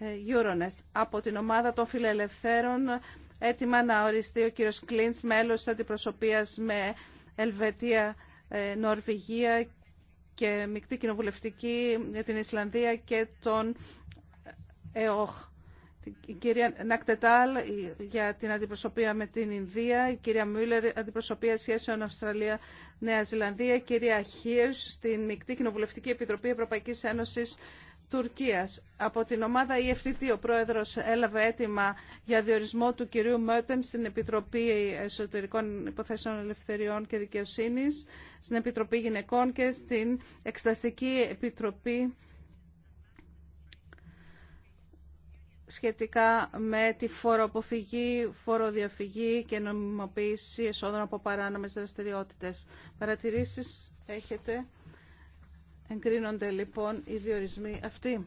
Ε, Από την ομάδα των φιλελευθέρων έτοιμα να οριστεί ο κύριος Κλίντς, μέλος της αντιπροσωπείας με Ελβετία, ε, Νορβηγία και μεικτή κοινοβουλευτική για την Ισλανδία και τον ΕΟΧ. Η κυρία Νακτετάλ για την αντιπροσωπεία με την Ινδία, η κυρία Μούλερ αντιπροσωπεία σχέσεων Αυστραλία-Νέα Ζηλανδία, η κυρία Χίρς στην Μικτή Κοινοβουλευτική Επιτροπή Ευρωπαϊκής Ένωσης Τουρκίας. Από την ομάδα EFTT ο πρόεδρος έλαβε αίτημα για διορισμό του κυρίου Μότεν στην Επιτροπή Εσωτερικών Υποθέσεων Ελευθεριών και Δικαιοσύνης, στην Επιτροπή Γυναικών και στην Εξεταστική Επιτροπή σχετικά με τη φοροποφυγή, φοροδιαφυγή και νομιμοποίηση εσόδων από παράνομες δραστηριότητες. Παρατηρήσεις έχετε. Εγκρίνονται λοιπόν οι διορισμοί αυτοί.